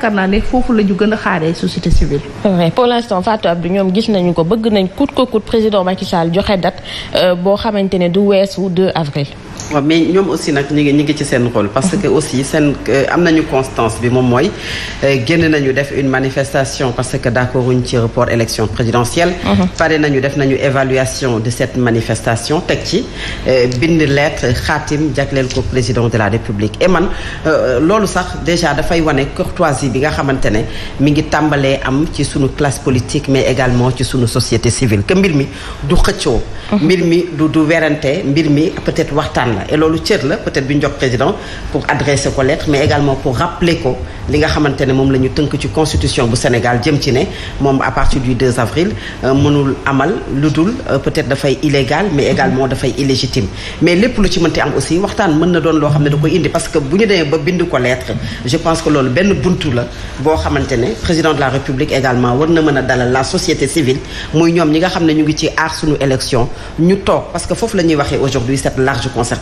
yaakaar naa ne foofu la ñu gën a xaaree société civile. mais pour l' instant Fatou Abdou ñoom gis nañu ko bëgg nañ coûte que coûte président Macky Sall joxe date euh, boo xamante ne du weesu 2 avril. waaw mais ñoom aussi nag ñu ngi ñu ngi ci seen rôle parce que aussi seen euh, am nañu constance bi moom mooy euh, génn nañu def une manifestation parce que d'accord wuñ ci report élection présidentielle mhm. pare nañu def nañu évaluation de cette manifestation teg ci euh, bind lettre xaatim jagleel ko président de la république et man loolu sax déjà dafay wane courtoisie bi nga xamante ne mi ngi tàmbalee am ci sunu classe politique mais également ci suñu société civile que mbir mi du xëccoo mhm. mbir mi du du werante mbir mi peut-être waxtaan la na et loolu cër la peut-être bi ñu jox président pour adresser ko lettre mais également pour rappeler ko li nga xamante ne moom la ñu tënk ci constitution bu Sénégal jëm ci ne moom à du avril euh, mënul amal lu dul euh, peut-être dafay illégal mais également dafay illégitime mais lépp lu ci mënti am aussi waxtaan mën na doon loo xam ne da koy indi parce que bu ñu demee ba bind ko lettre je pense que loolu benn buntu la boo xamante ne président de la République également a dalal la société civile muy ne ñu ngi ci aar suñu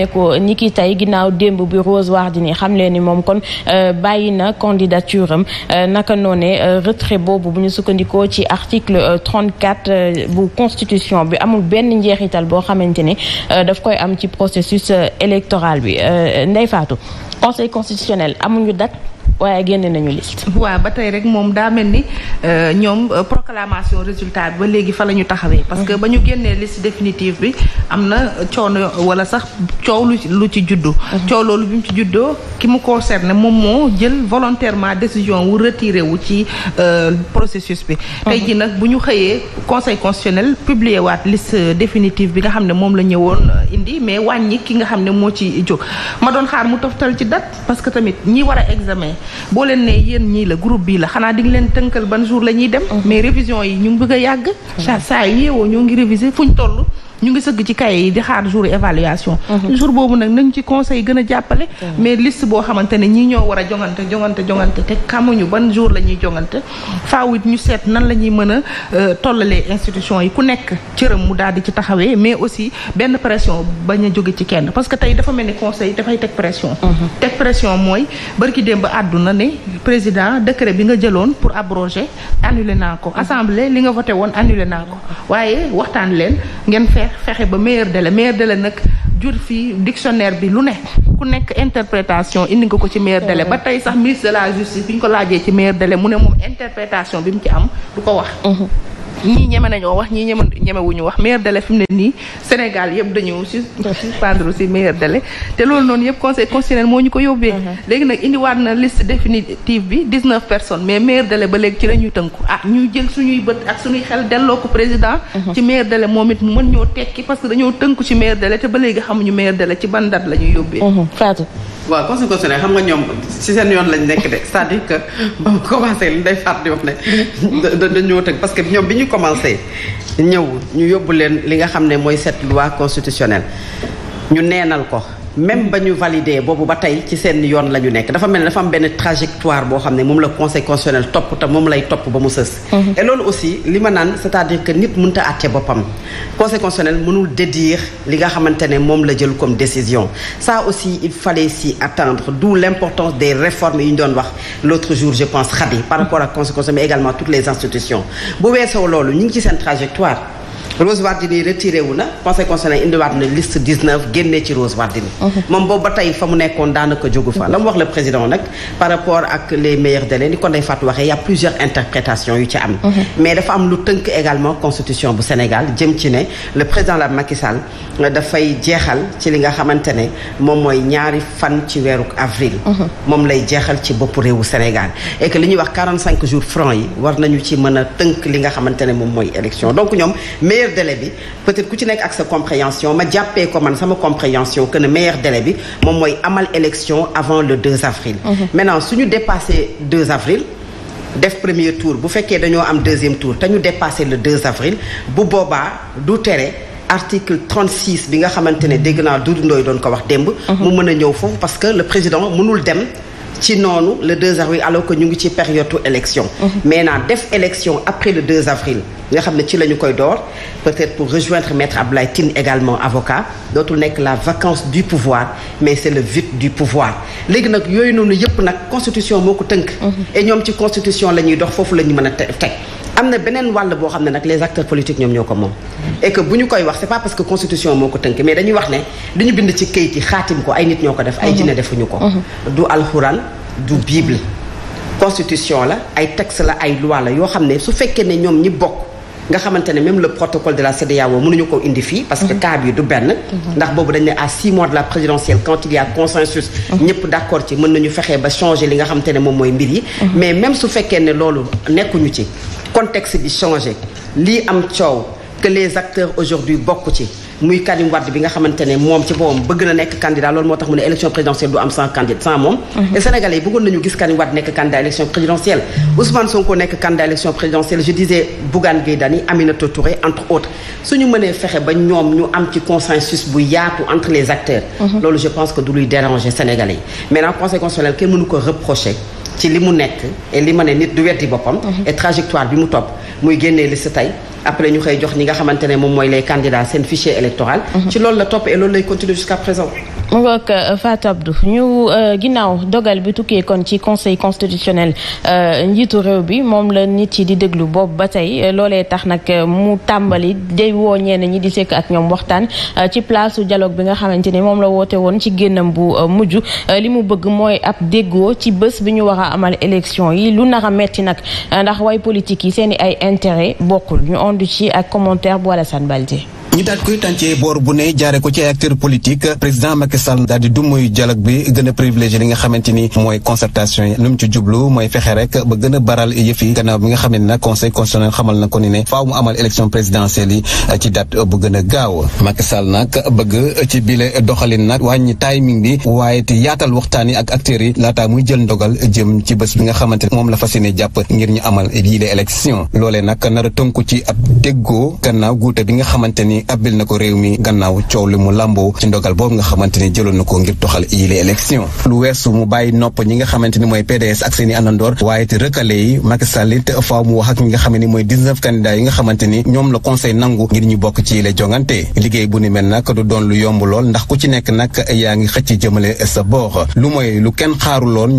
ne ko ñi ki tey ginnaaw démb bi Rose Wardini xam leen ni moom kon euh, bàyyi na candidature am euh, naka noone euh, retrait boobu bu ñu sukkandikoo ci article 34 bu constitution bi amul benn njeexital boo xamante ne daf koy am ci processus électoral bi Ndeye Fatou conseil constitutionnel amuñu date waaye génne nañu liste. waaw ba tey rek moom daa mel ni euh, ñoom euh, proclamation résultat bi ba léegi fa la ñu taxawee. parce que ba ñu génnee liste definitive bi am na coono wala sax coow lu ci lu ci juddu. Mhm. coow loolu bi mu ci juddoo ki mu concerne moom moo jël volontairement décision wu retiré wu ci euh, processus bi. Mhm. tey ji nag bu ñu xëyee conseil constitutionnel publier waat liste définitive bi nga xam ne moom la woon indi mais wàññi ki nga xam ne moo ci jóg ma doon xaar mu toftal ci date parce que tamit ñi war a examen. boo leen ne yéen ñii la groupe bi la xanaa di leen tënkal ban jour la ñuy dem mm-hmm. mais révision yi ñu ngi bëgg a yàgg mm-hmm. saa saa yeewoo ñoo ngi réviser ñu toll ñu ngi sëgg ci kaye yi di xaar jour évaluation mhm. jour boobu nag nañ ci conseil gën a jàppale mhm. mais liste boo xamante ne ñi ñoo war a jongante jongante jongante te xamuñu ban jour la ñuy jongante faaw it ñu seet nan la ñuy mën a euh, tollalee institution yi ku nekk cëram mu daal di ci taxawee mais aussi benn pression ba a jóge ci kenn parce que tey dafa mel ni conseil dafay teg pression mhm. teg pression mooy barki démb àdduna ne président décret bi nga jëloon pour abroger annulé naa ko assemblée li nga voté woon annulé naa ko fexe ba meilleur délai meilleur délai nag jur fi dictionnaire bi lu ne ku nekk interprétation indi nga ko ci meilleur délai ba tey sax ministre de la justice bi ñu ko laajee ci meilleur délai mu ne moom interprétation bi mu ci am du ko wax mhm. ñii ñeme nañoo wax ñii ñeme ñemewuñu wax meilleur délai fi ne nii Sénégal yëpp dañu si suspendre si meilleur délai te loolu noonu yëpp conseil constitutionnel ko yóbbee mhm. léegi nag indiwaat na liste définitive ah, mhm. moom it mën ñoo tekki parce que dañoo tënku ci meilleur délai te ba léegi xamuñu meilleur délai ci ban date yóbbee mhm. Fatou waaw conseil constitutionnel xam nga ñoom ci seen yoon lañ nekk de cest ba commencé li day faat di wax ne dañoo tënk parce que ñoom bi ñu commencé ñëw ñu yóbbu leen li nga xam ne mooy cette loi constitutionnelle ñu neenal ko même ba ñu validé boobu ba tey ci seen yoon la ñu nekk dafa mel ne dafa am benn trajectoire boo xam ne moom la conseil constitutionnel topp te moom lay topp ba mu sës. Mhm. et loolu aussi li ma naan c'est-à-dire que nit mënut a àtte boppam. conseil constitutionnel mënul dédire li nga xamante ne moom la jël comme décision ça aussi il fallait s'y attendre d'où l'importance des réformes yi ñu doon wax l'autre jour je pense Khady par rapport ak conseil constitutionnel mais loolu ñu ngi ci seen trajectoire. Rose Wardini retiré wu na conseil constitutionnel indiwaat na liste 19 génnee ci Rose Wardini. moom boobu ba tey fa mu nekkoon daanaka jógu fa. la mu wax le président nag par rapport ak les meilleurs délais ni ko Ndeye Fatou waxee y' a plusieurs interprétations yu ci am. mais dafa am lu tënk également constitution bu Sénégal jëm ci ne le président la Macky dafay jeexal ci li nga xamante ne moom mooy ñaari fan ci weeru avril. moom lay jeexal ci bopp réewu Sénégal et li ñuy wax 45 jours francs yi war nañu ci mën a tënk li nga xamante ne moom mooy élection meilleur délai bi peut-être ku ci nekk ak sa compréhension ma jàppee ko man sama compréhension que ne meilleur délai bi moom mooy amal élection avant le 2 avril. Mhm. maintenant su ñu dépassé 2 avril. def premier tour bu fekkee dañoo am deuxième tour te ñu dépassé le avril bu boobaa du tere article bi nga xamante ne dégg naa Doudou Ndoye doon ko wax démb. Mhm. mu mën a ñëw foofu parce que le président mënul dem. ci noonu le 2 avril alors que ñu ngi ci période élection. Mhm. élection après le 2 avril nga xam ne ci la ñu koy door peut-être pour rejoindre maître Abdoulaye Tine également avocat dootul nekk la vacance du pouvoir mais c'est le vide du pouvoir léegi nag yooyu noonu yëpp nag constitution moo ko tënk mhm. et ñoom ci constitution la ñuy dox foofu la ñu mën a teg am na beneen wàll boo xam ne nag les acteurs politiques ñoom ñoo ko moom et que bu ñu koy wax c'est pas parce que constitution moo ko tënk mais dañuy wax ne ñu bind ci kayit yi xaatim ko ay ñoo ko def ay mhm. jinne defuñu ko mhm. du alxuraan du bible constitution la ay texte la ay loi yoo xam ne su fekkee ne ñoom ñi bokk nga xamante ne même le protocole de la CEDEAO mënuñu ko indi fii parce que mhm. cas bi du benn mhm. ndax boobu dañ ne à six mois de la présidentielle quand il a consensus mhm. ñëpp d'accord ci mën nañu fexee ba changer li nga xamante ne moom mooy mbir yi mais même su fekkee ne loolu nekkuñu ci contexte bi changé lii am coow que les acteurs aujourd'hui bokk ci muy Karim Wade bi nga xamante ne moom ci boppam bëgg na nekk candidat loolu moo tax mu ne élection présidentielle du am sans candidat sans moom mhm. et sénégalais yi bëggoon nañu gis Karim Wade nekk candidat élection présidentielle Ousmane Sonko nekk candidat élection présidentielle je disais Bougane Gueye Dany Aminata Touré entre autres suñu mënee fexe ba ñoom ñu am ci consensus bu yaatu entre les acteurs mhm. loolu je pense que du luy déranger sénégalais yi après ñu koy jox ñi nga xamante ne moom mooy les candidats seen fichier électoral. Mhm. ci loolu la topp et lay continuer jusqu'à présent. mu ngoog euh, Fatou Abdou ñu euh, ginnaaw dogal bi tukkee kon ci conseil constitutionnel euh, njiitu réew bi moom la nit yi di déglu boobu ba tey loolee tax nag mu tàmbali day woo ñenn ñi di sekk ak ñoom waxtaan ci place su dialogue bi nga xamante ni moom la woote woon ci génnam bu mujj li mu bëgg mooy ab déggoo ci bës bi ñu war a amal élection yi lu nar metti nag ndax way politique yi seen i ay intérêt bokkul ñu ondu ci ak commentaire bu Alassane Balde ñu daal koy tàncee boor bu ne jaare ko ci ay acteur politique président Macky Sall daal di dumuy dialogue bi gën a li nga xamante ni mooy concertation yi lu mu ci jublu mooy fexe rek ba gën a baral yëf yi gannaaw bi nga xam ne nag conseil constitutionnel xamal na ko ni ne faaw mu amal élection présidentielle yi ci date bu gën a gaaw Macky Sall nag bëgg ci bile doxalin nag wàññi timing bi waaye te yaatal waxtaan yi ak acteurs yi laataa muy jël ndogal jëm ci bës bi nga xamante moom la fas yéene jàpp ngir ñu amal yii les élection loolee nag nar bi nga xamante ni ni abbil na ko réew mi gannaaw coow li mu làmboo ci ndogal boobu nga xamante ni jëloon na ko ngir toxal yile élection lu weesu mu bàyyi nopp ñi nga xamante ni mooy PDS ak seen i àndandoor waaye te rëkkale yi Macky Sall it faaw mu wax ak ñi nga xam mooy 19 yi nga xamante ñoom la conseil nangu ngir ñu bokk ci yile jongante liggéey bu ni mel nag du doon lu yomb lool ndax ku ci nekk nag yaa ngi xëcc jëmale sa boor lu mooy lu kenn xaaruloon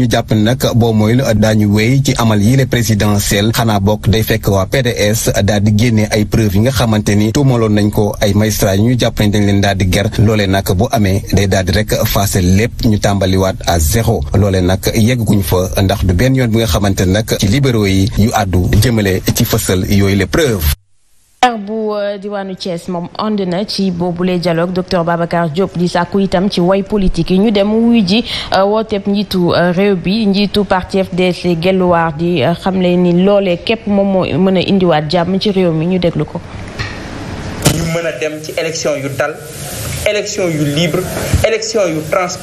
ay magistrats yi ñu jàpp ne leen daal di ger loolee nag bu amee day daal di rek faase lépp ñu tàmbaliwaat à zéro loolee nag yegguñ fa ndax du benn yoon bi nga xamante ne nag ci libéraux yi yu àddu jëmale ci fësal yooyu le preuves. bu euh, diwaanu Thiès moom ànd na ci boobu le dialogue docteur Babacar Diop di sàkku itam ci woy politique yi ñu dem wuy ji euh, wooteeb njiitu euh, réew bi njiitu parti FDC Gelwaar di xamle ni loolee képp moom moo mën a indiwaat jàmm ci réew mi ñu déglu ko. ñu mën a dem ci élection yu dal élection yu libre élection yu transparent